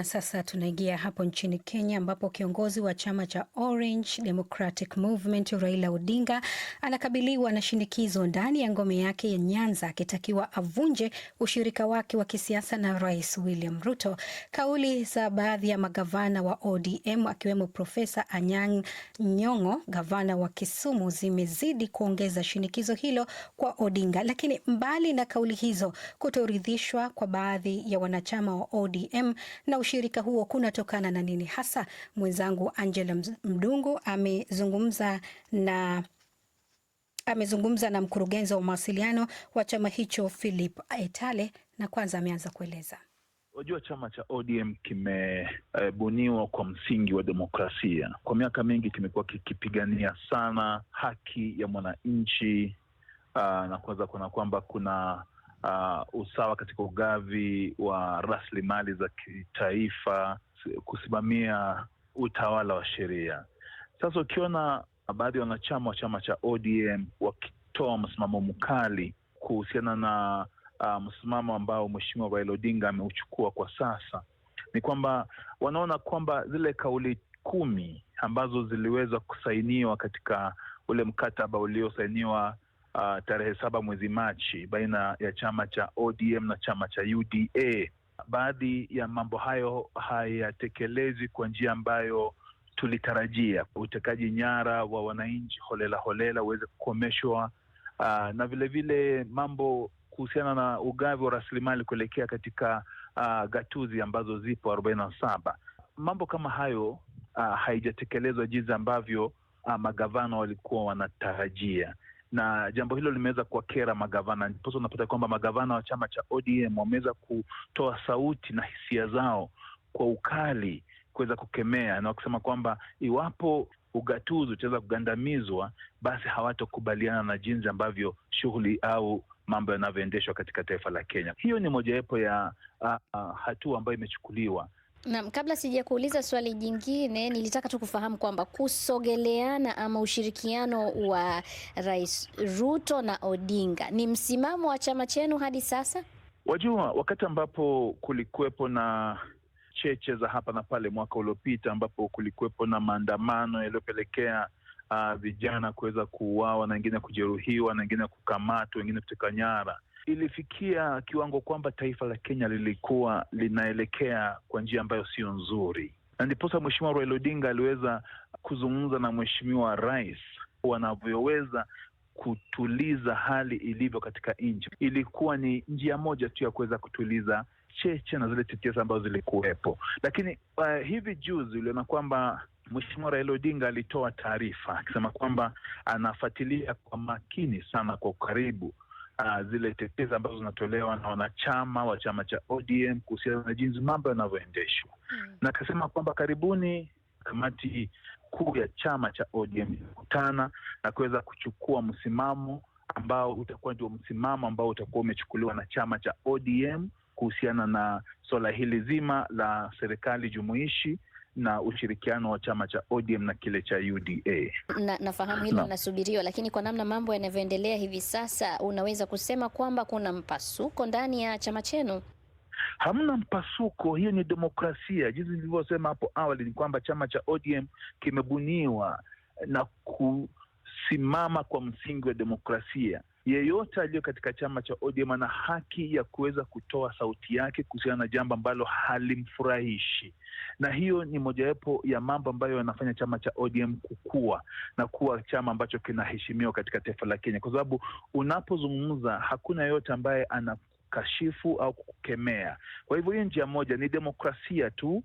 Na sasa tunaingia hapo nchini Kenya ambapo kiongozi wa chama cha Orange Democratic Movement Raila Odinga anakabiliwa na shinikizo ndani ya ngome yake ya Nyanza akitakiwa avunje ushirika wake wa kisiasa na Rais William Ruto. Kauli za baadhi ya magavana wa ODM akiwemo Profesa Anyang' Nyong'o, gavana wa Kisumu, zimezidi kuongeza shinikizo hilo kwa Odinga. Lakini mbali na kauli hizo, kutoridhishwa kwa baadhi ya wanachama wa ODM na ushirika huo kunatokana na nini hasa? Mwenzangu Angela Mdungu amezungumza na amezungumza na mkurugenzi wa mawasiliano wa chama hicho Philip Etale, na kwanza ameanza kueleza. Unajua, chama cha ODM kimebuniwa eh, e, kwa msingi wa demokrasia. Kwa miaka mingi kimekuwa kikipigania sana haki ya mwananchi ah, na kwanza kuona kwamba kuna uh, usawa katika ugavi wa rasilimali za kitaifa, kusimamia utawala wa sheria. Sasa ukiona baadhi ya wanachama wa chama cha ODM wakitoa msimamo mkali kuhusiana na uh, msimamo ambao mheshimiwa Raila Odinga ameuchukua kwa sasa, ni kwamba wanaona kwamba zile kauli kumi ambazo ziliweza kusainiwa katika ule mkataba uliosainiwa uh, tarehe saba mwezi Machi baina ya chama cha ODM na chama cha UDA. Baadhi ya mambo hayo hayatekelezwi kwa njia ambayo tulitarajia. Utekaji nyara wa wananchi holela holela uweze kukomeshwa, uh, na vilevile vile mambo kuhusiana na ugavi wa rasilimali kuelekea katika uh, gatuzi ambazo zipo arobaini na saba. Mambo kama hayo uh, haijatekelezwa jinsi ambavyo uh, magavana walikuwa wanatarajia na jambo hilo limeweza kuwakera magavana. Ndiposa unapata kwamba magavana wa chama cha ODM wameweza kutoa sauti na hisia zao kwa ukali kuweza kukemea na wakisema kwamba iwapo ugatuzi utaweza kugandamizwa, basi hawatokubaliana na jinsi ambavyo shughuli au mambo yanavyoendeshwa katika taifa la Kenya. Hiyo ni mojawapo ya uh, uh, hatua ambayo imechukuliwa Naam, kabla sijakuuliza swali jingine, nilitaka tu kufahamu kwamba kusogeleana ama ushirikiano wa Rais Ruto na Odinga ni msimamo wa chama chenu hadi sasa? Wajua, wakati ambapo kulikuwepo na cheche za hapa na pale mwaka uliopita, ambapo kulikuwepo na maandamano yaliyopelekea uh, vijana kuweza kuuawa na wengine kujeruhiwa na wengine kukamatwa, wengine kuteka nyara ilifikia kiwango kwamba taifa la Kenya lilikuwa linaelekea kwa njia ambayo sio nzuri, na ndiposa Mheshimiwa Raila Odinga aliweza kuzungumza na Mheshimiwa Rais wanavyoweza kutuliza hali ilivyo katika nchi. Ilikuwa ni njia moja tu ya kuweza kutuliza cheche na zile tetesa ambazo zilikuwepo, lakini uh, hivi juzi uliona kwamba Mheshimiwa Raila Odinga alitoa taarifa akisema kwamba anafuatilia kwa makini sana, kwa ukaribu uh, zile tetezi ambazo zinatolewa na wanachama wa chama cha ODM kuhusiana na jinsi mambo yanavyoendeshwa mm. Na akasema kwamba karibuni kamati kuu ya chama cha ODM kutana na kuweza kuchukua msimamo ambao utakuwa ndio msimamo ambao utakuwa umechukuliwa na chama cha ODM kuhusiana na suala hili zima la serikali jumuishi na ushirikiano wa chama cha ODM na kile cha UDA. Na, nafahamu hilo linasubiriwa, lakini kwa namna mambo yanavyoendelea hivi sasa, unaweza kusema kwamba kuna mpasuko ndani ya chama chenu? Hamna mpasuko, hiyo ni demokrasia. Jinsi nilivyosema hapo awali ni kwamba chama cha ODM kimebuniwa na kusimama kwa msingi wa demokrasia yeyote aliyo katika chama cha ODM ana haki ya kuweza kutoa sauti yake kuhusiana na jambo ambalo halimfurahishi, na hiyo ni mojawapo ya mambo ambayo yanafanya chama cha ODM kukua na kuwa chama ambacho kinaheshimiwa katika taifa la Kenya, kwa sababu unapozungumza hakuna yeyote ambaye ana kashifu au kukemea. Kwa hivyo hiyo njia moja ni demokrasia tu